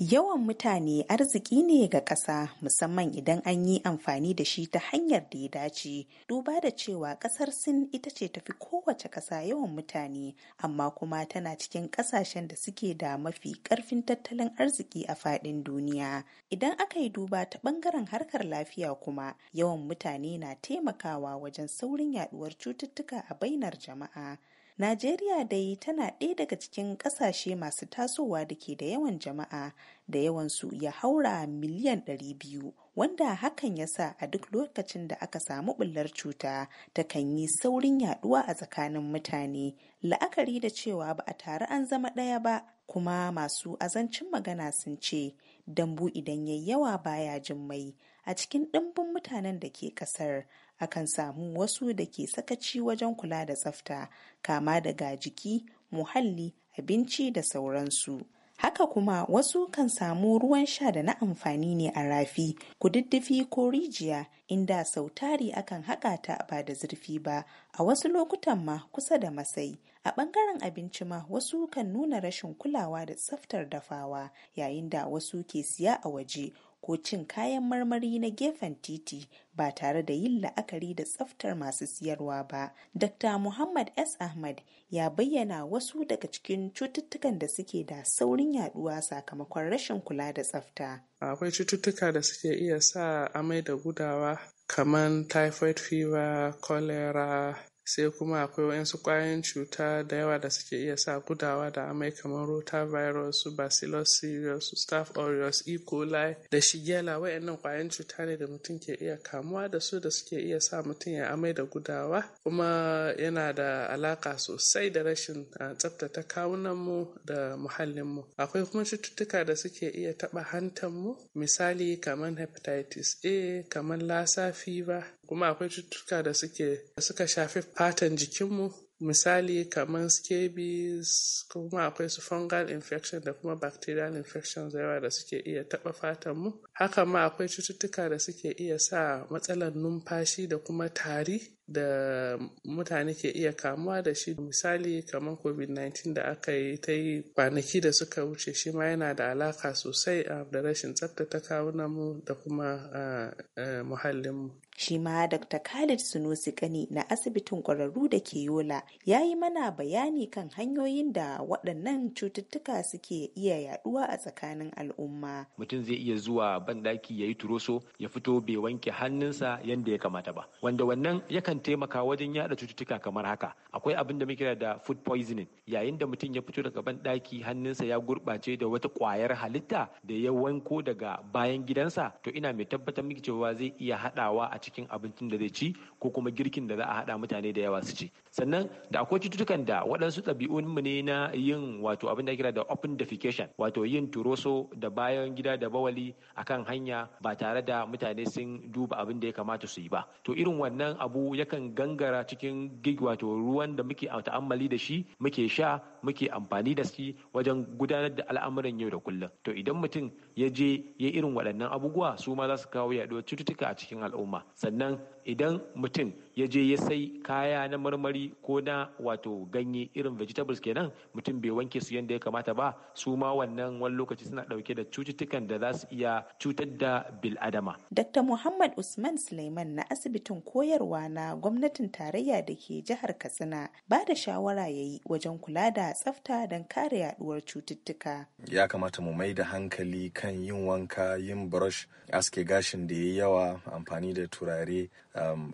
Yawan mutane arziki ne ga ƙasa musamman idan an yi amfani da shi ta hanyar da ya dace. Duba da cewa ƙasar Sin ita ce tafi kowace ƙasa yawan mutane, amma kuma tana cikin ƙasashen da suke da mafi ƙarfin tattalin arziki a faɗin duniya. Idan aka yi duba ta ɓangaren harkar lafiya kuma, yawan mutane na taimakawa wajen saurin yaɗuwar cututtuka a bainar jama'a. Najeriya dai tana ɗaya daga cikin ƙasashe masu tasowa da ke da yawan jama'a da yawansu ya haura miliyan 200 wanda hakan ya sa a duk lokacin da aka samu ɓullar cuta ta kan yi saurin yaduwa a tsakanin mutane la'akari da cewa ba a tare an zama ɗaya ba kuma masu azancin magana sun ce dambu idan yayi yawa baya jin mai a cikin ɗimbin mutanen da ke ƙasar akan samu wasu da ke sakaci wajen kula da tsafta kama daga jiki muhalli abinci da sauransu haka kuma wasu kan samu ruwan sha da na amfani ne a rafi kududdufi ko rijiya inda sautari akan haƙa ta ba da zurfi ba a wasu lokutan ma kusa da masai a ɓangaren abinci ma wasu kan nuna rashin kulawa da tsaftar dafawa yayin da wasu ke siya a waje ko cin kayan marmari na gefen titi ba tare da yin la'akari da tsaftar masu siyarwa ba. Dr. Muhammad S. Ahmad ya bayyana wasu daga cikin cututtukan da suke da saurin yaduwa sakamakon rashin kula da tsafta. Akwai cututtuka da suke iya sa amai da gudawa kamar typhoid fever, cholera, sai kuma akwai waɗansu ƙwayoyin cuta da yawa da suke iya sa gudawa da amai kamar rotavirus su bacillus cereus staph aureus e coli da shigela waɗannan ƙwayoyin cuta ne da mutum ke iya kamuwa da su da suke iya sa mutum ya amai da gudawa kuma yana da alaƙa sosai da rashin tsabtata mu da muhallin mu akwai kuma cututtuka da suke iya taɓa mu misali kamar hepatitis a kamar lassa fever kuma akwai cututtuka da suke da suka shafi fatan jikinmu misali kamar scabies kuma akwai su fungal infection da kuma bacterial infections yawa da suke iya taɓa fatanmu haka ma akwai cututtuka da suke iya sa matsalar numfashi da kuma tari da mutane ke iya kamuwa da shi misali kamar covid-19 da aka yi ta yi kwanaki da suka wuce shi ma yana da alaka sosai ah, da rashin tsabtata kawunanmu da kuma ah, eh, muhallinmu shi ma dr khalid sunusi kani na asibitin kwararru da ke yola ya yi mana bayani kan hanyoyin da waɗannan cututtuka suke iya yaduwa a tsakanin al'umma mutum zai iya zuwa banɗaki ya yi turoso ya fito bai wanke hannunsa yadda ya kamata ba wanda wannan yakan yakan taimaka wajen yada cututtuka kamar haka akwai abin da muke da food poisoning yayin da mutum ya fito daga banɗaki hannunsa ya gurɓace da wata ƙwayar halitta da ya wanko daga bayan gidansa to ina mai tabbatar miki cewa zai iya haɗawa a cikin abincin da zai ci ko kuma girkin da za a haɗa mutane da yawa su ci sannan da akwai cututtukan da waɗansu ɗabi'un ne na yin wato abin da kira da open defecation wato yin turoso da bayan gida da bawali akan hanya ba tare da mutane sun duba abin da ya kamata su yi ba to irin wannan abu ya yakan gangara cikin gig wato ruwan da muke ta'ammali da shi muke sha muke amfani da shi wajen gudanar da al'amuran yau da kullum to idan mutum ya je ya irin waɗannan abubuwa su ma za su kawo yaɗuwar cututtuka a cikin al'umma sannan idan mutum ya je ya sai kaya na marmari ko na wato ganye irin vegetables kenan mutum bai wanke su yadda ya kamata ba su ma wannan wani lokaci suna dauke da cututtukan da za su iya cutar da biladama. Dr. Muhammad Usman Suleiman na asibitin koyarwa na gwamnatin tarayya da ke jihar Katsina ba da shawara ya yi wajen kula da tsafta don kare yaduwar cututtuka. Ya kamata mu mai da hankali kan yin wanka, yin brush, aske gashin da ya yawa, amfani da turare, Um,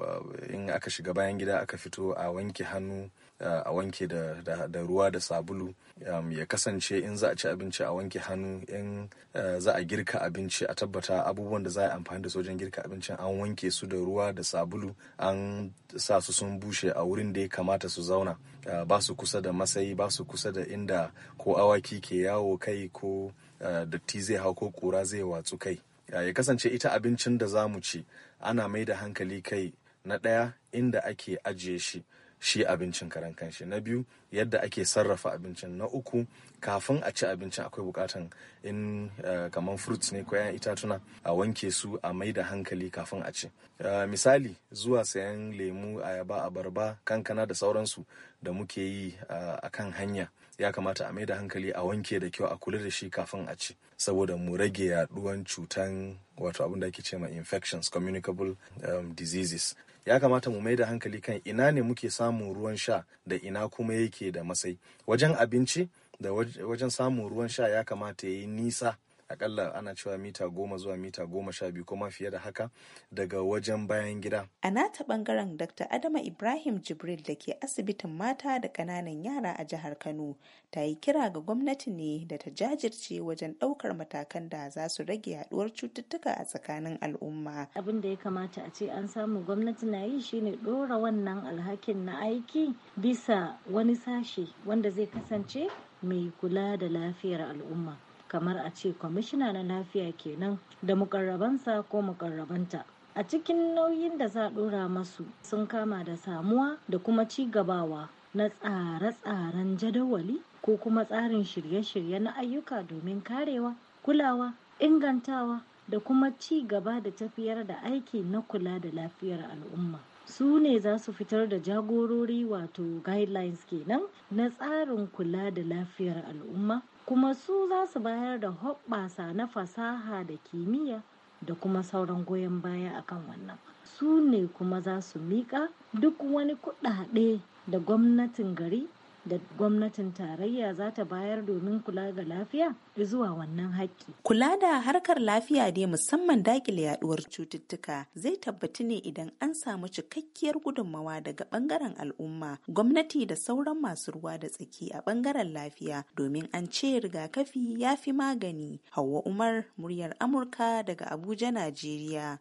in aka shiga bayan gida aka fito a wanke hannu uh, a wanke da ruwa da sabulu um, ya kasance in za a ci abinci a wanke hannu in uh, za a girka abinci a tabbata abubuwan da za a amfani da sojan girka abincin an wanke su da ruwa da sabulu an sa su sun bushe a wurin da ya kamata su zauna uh, ba su kusa da matsayi ba su kusa da inda ko awaki ke yawo kai ko datti zai hau ko kura zai watsu kai ya kasance ita abincin da za mu ci ana mai da hankali kai na ɗaya inda ake ajiye shi shi abincin karan kanshi na biyu yadda ake sarrafa abincin na uku kafin a ci abincin akwai bukatan in eh, kamar fruits ne ko 'yan itatuna a wanke su a mai da hankali kafin a ci eh, misali zuwa sayan lemu a ayaba abarba kankana da sauransu da muke yi eh, a kan hanya ya kamata a mai da hankali a wanke da kyau a kula da shi kafin a ci saboda mu rage yaduwan cutan wato abin da ake ce ma infections communicable um, diseases ya kamata mu mai da hankali kan ina ne muke samun ruwan sha da ina kuma yake da masai wajen abinci da wajen samun ruwan sha ya kamata ya yi nisa akalla ana cewa mita goma zuwa mita goma sha biyu kuma fiye da haka daga wajen bayan gida. A nata bangaren Dr. Adama Ibrahim Jibril da ke asibitin mata da ƙananan yara a jihar Kano ta yi kira ga gwamnati ne da ta jajirce wajen ɗaukar matakan da za su rage yaɗuwar cututtuka a tsakanin al'umma. Abin da ya kamata a ce an samu gwamnati na yi shine ɗora wannan alhakin na aiki bisa wani sashe wanda zai kasance mai kula da lafiyar al'umma kamar a ce kwamishina na lafiya kenan da mukarrabansa ko mukarrabanta a cikin nauyin da za a ɗora masu sun kama da samuwa da kuma ci gabawa na tsare-tsaren jadawali ko kuma tsarin shirye-shirye na ayyuka domin karewa kulawa ingantawa da kuma ci gaba da tafiyar da aiki na kula da lafiyar al'umma su ne za su fitar da jagorori wato guidelines kenan na tsarin kula da lafiyar al'umma kuma su za su bayar da hoɓɓasa na fasaha da kimiyya da kuma sauran goyon baya akan wannan su ne kuma za su miƙa duk wani kuɗaɗe da gwamnatin gari da gwamnatin tarayya za ta bayar domin kula ga lafiya zuwa wannan haƙƙi. Kula da harkar lafiya dai musamman dakile yaduwar cututtuka zai tabbatu ne idan an samu cikakkiyar gudunmawa daga bangaren al'umma, gwamnati da sauran masu ruwa da tsaki a bangaren lafiya domin an ce rigakafi ya fi magani. Hauwa Umar, muryar Amurka daga Abuja, Najeriya.